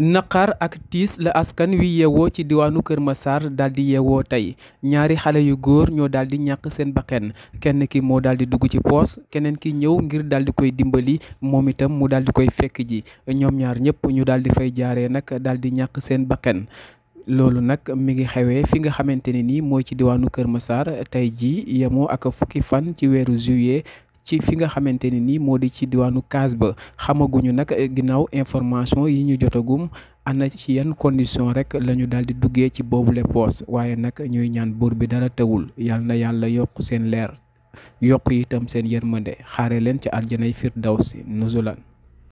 naqar ak tiis la askan wi yewoo ci diwaanu Kër Massar daal di yeewoo tey ñaari xale yu góor ñoo daal di ñàkk seen bakkan kenn ki moo daal di dugg ci poos keneen ki ñëw ngir daal di koy dimbali moom itam mu daal di koy fekk ji ñoom ñaar ñëpp ñu daal di fay jaaree nag daal di ñàkk seen bakkan loolu nag mi ngi xewee fi nga xamante ne nii mooy ci diwaanu Kër Massar tey jii yemoo ak fukki fan ci weeru juillet. ci fi nga xamante ne nii moo di ci diwaanu kaas ba xamaguñu nag eh, ginnaaw information yi ñu jotagum ana ci yan condition rek la ñu daal di duggee ci boobule poos waaye nag ñuy ñaan buur bi dara tewul yàlla na yàlla yokk seen leer yokk itam seen yërmande xaare leen ci aljanay firdawsi nuzulan